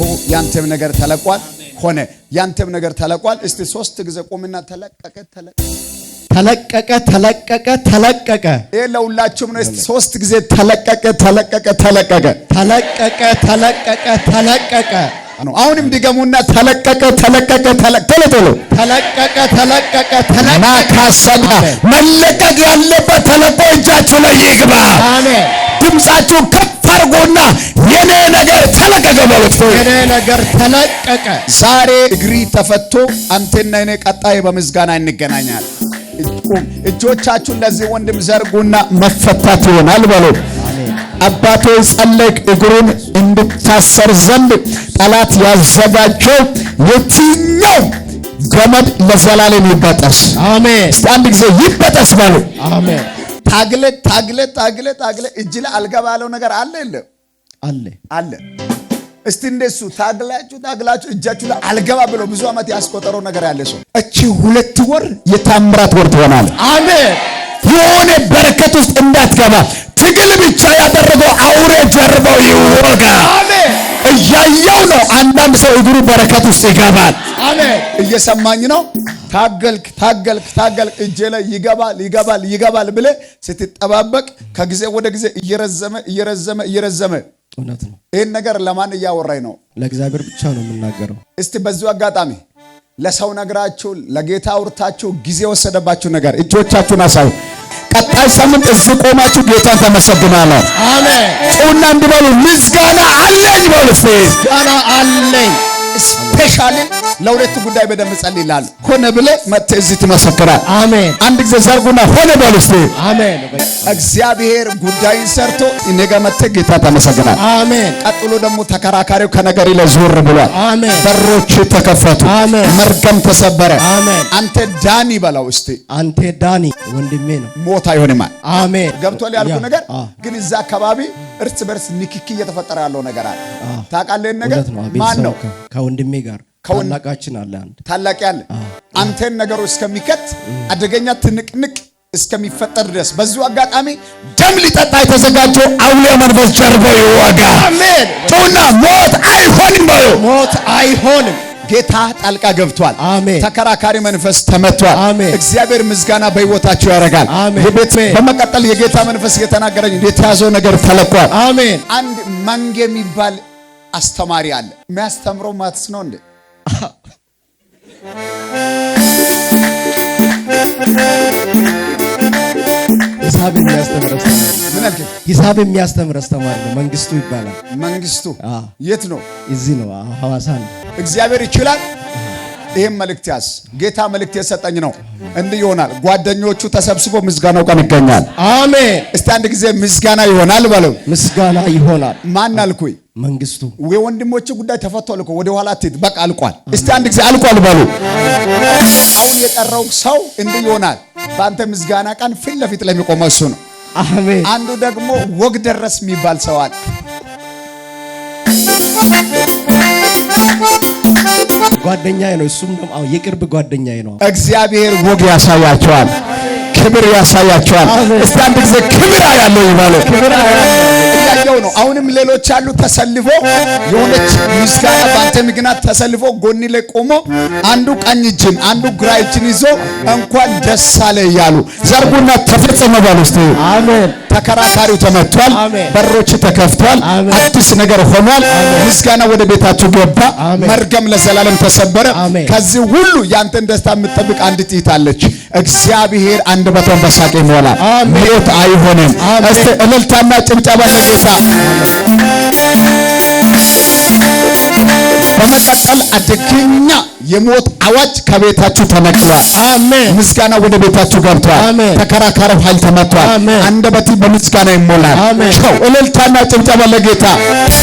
እንዲሁ ያንተም ነገር ተለቋል ሆነ። ያንተም ነገር ተለቋል። እስቲ ሶስት ጊዜ ቆምና ተለቀቀ ተለቀቀ ተለቀቀ ተለቀቀ ተለቀቀ። ይሄ ለሁላችሁም ነው። እስቲ ሶስት ጊዜ ተለቀቀ ተለቀቀ ተለቀቀ ተለቀቀ ተለቀቀ ተለቀቀ። አሁንም ድገሙና ተለቀቀ ተለቀቀ ተለቀቀ ተለቀቀ ተለቀቀ ተለቀቀ ተለቀቀ። መለቀቅ ያለበት ተለቆ እጃችሁ ላይ ይግባ። አሜን። ድምጻችሁ ከፍ አድርጎና የኔ ተለቀቀ ማለት ነው። የኔ ነገር ተለቀቀ። ዛሬ እግሪ ተፈቶ አንተና እኔ ቀጣይ በምስጋና እንገናኛለን። እጆቻችሁን ለዚህ ወንድም ዘርጉና መፈታት ይሆናል በሉ። አባቴ ጸለቅ እግሩን እንድታሰር ዘንድ ጠላት ያዘጋጀው የትኛው ገመድ ለዘላለም ይበጠስ። አሜን። እስቲ አንድ ጊዜ ይበጠስ በሉ። አሜን። ታግለ ታግለ ታግለ ታግለ እጅ ላይ አልገባለው ነገር አለ የለም? አለ አለ እስቲ እንደሱ ታግላችሁ ታግላችሁ እጃችሁ ላይ አልገባ ብሎ ብዙ ዓመት ያስቆጠረው ነገር ያለ ሰው እቺ ሁለት ወር የታምራት ወር ትሆናል። አሜን። የሆነ በረከት ውስጥ እንዳትገባ ትግል ብቻ ያደረገው አውሬ ጀርባው ይወጋ። አሜን። እያየው ነው። አንዳንድ ሰው እግሩ በረከት ውስጥ ይገባል። አሜን። እየሰማኝ ነው። ታገልክ ታገልክ ታገልክ እጄ ላይ ይገባል ይገባል ይገባል ብለ ስትጠባበቅ ከጊዜ ወደ ጊዜ እየረዘመ እየረዘመ እየረዘመ እውነት ነው። ይህን ነገር ለማን እያወራኝ ነው? ለእግዚአብሔር ብቻ ነው የምናገረው። እስቲ በዚሁ አጋጣሚ ለሰው ነግራችሁ ለጌታ አውርታችሁ ጊዜ የወሰደባችሁ ነገር እጆቻችሁን አሳዩ። ቀጣይ ሳምንት እዚህ ቆማችሁ ጌታን ተመሰግናለሁ አሜን። ጩና እንዲበሉ ምስጋና አለኝ በሉ። ምስጋና አለኝ ከተሻልን ለሁለቱ ጉዳይ በደንብ ጸልይ ይላሉ። ሆነ ብለ መጥተህ እዚህ ትመሰክራለህ። አሜን። አንድ ጊዜ ዘርጉና ሆነ በሉ እስቲ። አሜን። እግዚአብሔር ጉዳይን ሰርቶ እኔ ጋር መጥተህ ጌታ ተመሰግናለህ። አሜን። ቀጥሎ ደግሞ ተከራካሪው ከነገር ላይ ዞር ብሏል። አሜን። በሮች ተከፈቱ። አሜን። መርገም ተሰበረ። አሜን። አንተ ዳኒ በለው እስቲ። አንተ ዳኒ ወንድሜ ነው ሞት አይሆንም። አሜን። ገብቶ ያልኩህ ነገር ግን እዛ አካባቢ እርስ በርስ ንክክ እየተፈጠረ ያለው ነገር አለ። ታውቃለህ ነገር ማን ነው? ከወንድሜ ጋር ታላቃችን አለ አንድ ታላቅ ያለ አንተን ነገሩ እስከሚከት አደገኛ ትንቅንቅ እስከሚፈጠር ድረስ በዚሁ አጋጣሚ ደም ሊጠጣ የተዘጋጀው አውሎ መንፈስ ጀርቦ ይዋጋ አሜን። ጩና ሞት አይሆንም፣ ሞት አይሆንም ጌታ ጣልቃ ገብቷል። ተከራካሪ መንፈስ ተመቷል። እግዚአብሔር ምዝጋና በህይወታቸው ያደርጋል። በመቀጠል የጌታ መንፈስ እየተናገረኝ የተያዘው ነገር ተለቋል። አሜን። አንድ መንጌ የሚባል አስተማሪ አለ። የሚያስተምረው ማትስ ነው እንዴ? ሂሳብ የሚያስተምረው ሂሳብ የሚያስተምር አስተማሪ ነው። መንግስቱ ይባላል። መንግስቱ የት ነው? እዚህ ነው፣ ሐዋሳ ነው። እግዚአብሔር ይችላል። ይህም መልእክት ያዝ። ጌታ መልእክት የሰጠኝ ነው። እንዲህ ይሆናል። ጓደኞቹ ተሰብስቦ ምስጋናው ቀን ይገኛል። አሜን። እስቲ አንድ ጊዜ ምስጋና ይሆናል በለው። ምስጋና ይሆናል። ማን አልኩኝ? መንግስቱ። የወንድሞቹ ጉዳይ ተፈቷል እኮ ወደ ኋላ አትሂድ። በቃ አልቋል። እስቲ አንድ ጊዜ አልቋል በሉ። አሁን የጠራው ሰው እንዲህ ይሆናል። በአንተ ምስጋና ቀን ፊት ለፊት ለሚቆመው እሱ ነው። አሜን። አንዱ ደግሞ ወግ ደረስ የሚባል ሰው አለ። ጓደኛዬ ነው። እሱም ደግሞ የቅርብ ጓደኛዬ ነው። እግዚአብሔር ወግ ያሳያቸዋል፣ ክብር ያሳያቸዋል። እስቲ አንድ ጊዜ ክብር ያለው ይባላል። ያየው ነው። አሁንም ሌሎች አሉ ተሰልፎ የሆነች ምስጋና ባንተ ምክንያት ተሰልፎ ጎን ላይ ቆሞ አንዱ ቀኝ እጅን አንዱ ግራ እጅን ይዞ እንኳን ደስ አለ እያሉ ዘርጉና ተፈጸመ ባል ውስጥ አሜን። ተከራካሪ ተመቷል። በሮች ተከፍቷል። አዲስ ነገር ሆኗል። ምስጋና ወደ ቤታችሁ ገባ። መርገም ለዘላለም ተሰበረ። ከዚህ ሁሉ ያንተን ደስታ የምትጠብቅ አንድ ጥይት አለች። እግዚአብሔር አንደበቷን በሳቅ ይሞላል፣ ሞት አይሆንም። እስቲ እልልታና ጭብጨባ ለጌታ። በመቀጠል አደገኛ የሞት አዋጅ ከቤታችሁ ተነቅሏል። አሜን። ምስጋና ወደ ቤታችሁ ገብቷል። አሜን። ተከራካሪው ኃይል ተመቷል። አንደበትህ በምስጋና ይሞላል። ቻው! እልልታና ጭብጨባ ለጌታ